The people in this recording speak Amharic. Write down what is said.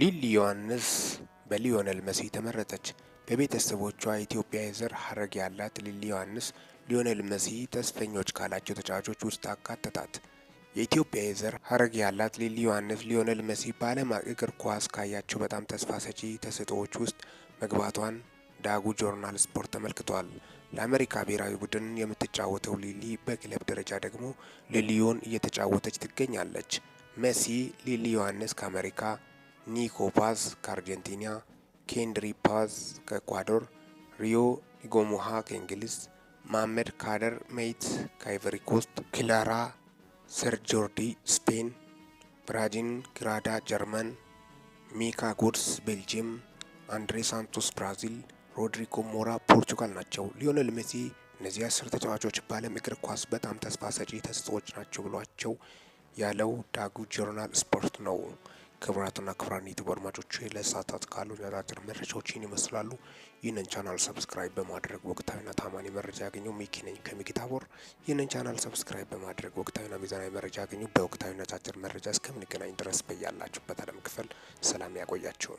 ሊሊ ዮሐንስ በሊዮኔል መሲ ተመረጠች። በቤተሰቦቿ ኢትዮጵያዊ ዘር ሀረግ ያላት ሊሊ ዮሐንስ ሊዮኔል መሲ ተስፈኞች ካላቸው ተጫዋቾች ውስጥ አካተታት። የኢትዮጵያ ዘር ሀረግ ያላት ሊሊ ዮሐንስ ሊዮነል መሲ በዓለም እግር ኳስ ካያቸው በጣም ተስፋ ሰጪ ተሰጥኦዎች ውስጥ መግባቷን ዳጉ ጆርናል ስፖርት ተመልክቷል። ለአሜሪካ ብሔራዊ ቡድን የምትጫወተው ሊሊ በክለብ ደረጃ ደግሞ ለሊዮን እየተጫወተች ትገኛለች። መሲ ሊሊ ዮሐንስ ከአሜሪካ ኒኮ ፓዝ ከአርጀንቲና፣ ኬንድሪ ፓዝ ከኢኳዶር፣ ሪዮ ኢጎሙሃ ከእንግሊዝ፣ ማመድ ካደር ሜይት ከአይቨሪ ኮስት፣ ክላራ ሰርጆርዲ ስፔን፣ ብራጂን ግራዳ ጀርመን፣ ሚካ ጉድስ ቤልጅየም፣ አንድሬ ሳንቶስ ብራዚል፣ ሮድሪጎ ሞራ ፖርቹጋል ናቸው። ሊዮኔል ሜሲ እነዚህ አስር ተጫዋቾች በዓለም እግር ኳስ በጣም ተስፋ ሰጪ ተሰጥኦዎች ናቸው ብሏቸው ያለው ዳጉ ጆርናል ስፖርት ነው። ክብራትና ክብራን ዩቱብ አድማጮች ለሰዓታት ካሉ አጫጭር መረጃዎችን ይመስላሉ። ይህንን ቻናል ሰብስክራይብ በማድረግ ወቅታዊና ታማኒ መረጃ ያገኙ። ሚኪ ነኝ ከሚኪታቦር። ይህንን ቻናል ሰብስክራይብ በማድረግ ወቅታዊና ሚዛናዊ መረጃ ያገኙ። በወቅታዊና አጫጭር መረጃ እስከምንገናኝ ድረስ በያላችሁበት ዓለም ክፍል ሰላም ያቆያችሁ።